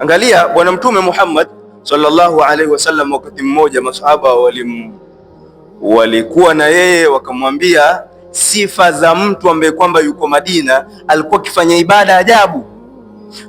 Angalia Bwana Mtume Muhammad sallallahu alaihi wasallam, wakati mmoja masahaba walim walikuwa na yeye wakamwambia sifa za mtu ambaye kwamba yuko Madina alikuwa akifanya ibada ajabu.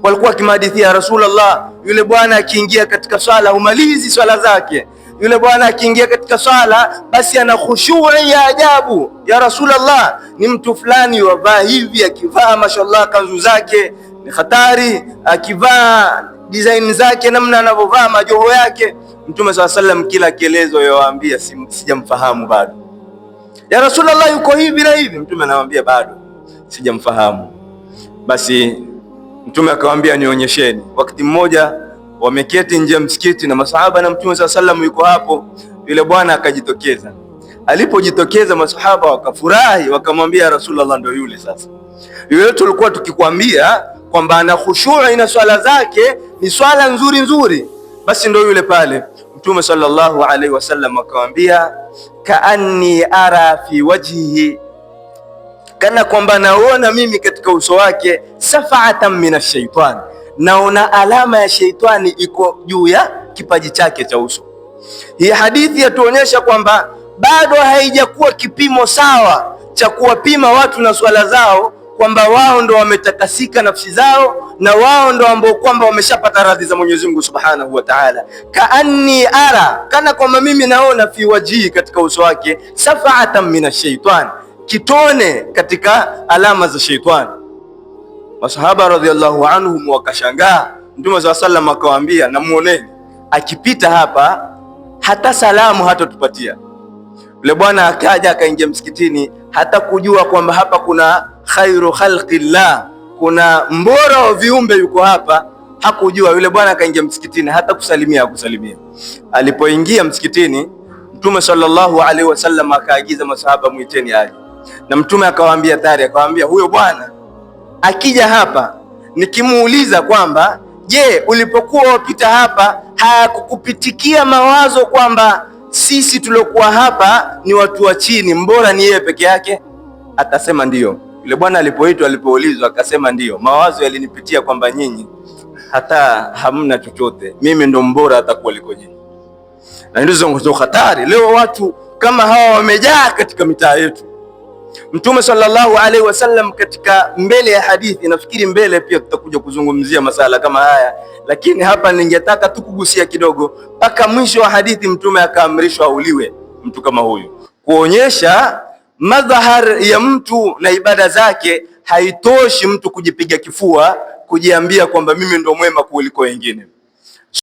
Walikuwa akimhadithia Rasulullah, yule bwana akiingia katika swala humalizi swala zake, yule bwana akiingia katika swala basi ana khushui ya ajabu. Ya Rasulullah, ni mtu fulani wavaa hivi, akivaa mashallah kanzu zake ni hatari, akivaa design zake, namna anavyovaa majoho yake. Mtume swalla sallam kila kielezo yawaambia, sijamfahamu bado. Ya Rasulullah, yuko hivi na hivi. Mtume anawaambia bado sijamfahamu. Basi Mtume akawaambia, nionyesheni. Wakati mmoja wameketi nje ya msikiti na masahaba na Mtume swalla sallam yuko hapo, yule bwana akajitokeza. Alipojitokeza masahaba wakafurahi, wakamwambia Rasulullah, ndio yule sasa yule tulikuwa tukikwambia kwamba ana khushui na swala zake ni swala nzuri nzuri, basi ndo yule pale. Mtume sallallahu alaihi wasallam akamwambia, kaanni ara fi wajhihi, kana kwamba naona mimi katika uso wake, safatan min ashaitani naona alama ya sheitani iko juu ya kipaji chake cha uso. Hii hadithi yatuonyesha kwamba bado haijakuwa kipimo sawa cha kuwapima watu na swala zao kwamba wao ndo wametakasika nafsi zao na wao ndo ambao kwamba wameshapata radhi za Mwenyezi Mungu Subhanahu wa Ta'ala. Kaanni ara, kana kwamba mimi naona fi wajii, katika uso wake, safaatan minash shaitani, kitone katika alama za shaitani. Masahaba radhiallahu anhum wakashangaa. Mtume saa sallam akawaambia, namuoneni akipita hapa hata salamu hatatupatia. Yule bwana akaja akaingia msikitini hata kujua kwamba hapa kuna khairu khalqillah, kuna mbora wa viumbe yuko hapa. Hakujua yule bwana, akaingia msikitini, hata kusalimia kusalimia. Alipoingia msikitini, Mtume sallallahu alaihi wasallam akaagiza masahaba, mwiteni aje. Na Mtume akawaambia tari, akawaambia huyo bwana akija hapa nikimuuliza kwamba je, ulipokuwa wapita hapa hayakukupitikia mawazo kwamba sisi tuliokuwa hapa ni watu wa chini, mbora ni yeye peke yake? Atasema ndiyo. Yule bwana alipoitwa, alipoulizwa, akasema ndiyo, mawazo yalinipitia kwamba nyinyi hata hamna chochote, mimi ndo mbora hata kuliko nyinyi. Na ndizo hatari leo, watu kama hawa wamejaa katika mitaa yetu. Mtume sallallahu alaihi wasallam katika mbele ya hadithi, nafikiri mbele pia tutakuja kuzungumzia masala kama haya, lakini hapa ningetaka tu kugusia kidogo. Mpaka mwisho wa hadithi, Mtume akaamrishwa auliwe mtu kama huyu, kuonyesha madhahar ya mtu na ibada zake haitoshi mtu kujipiga kifua, kujiambia kwamba mimi ndo mwema kuliko wengine.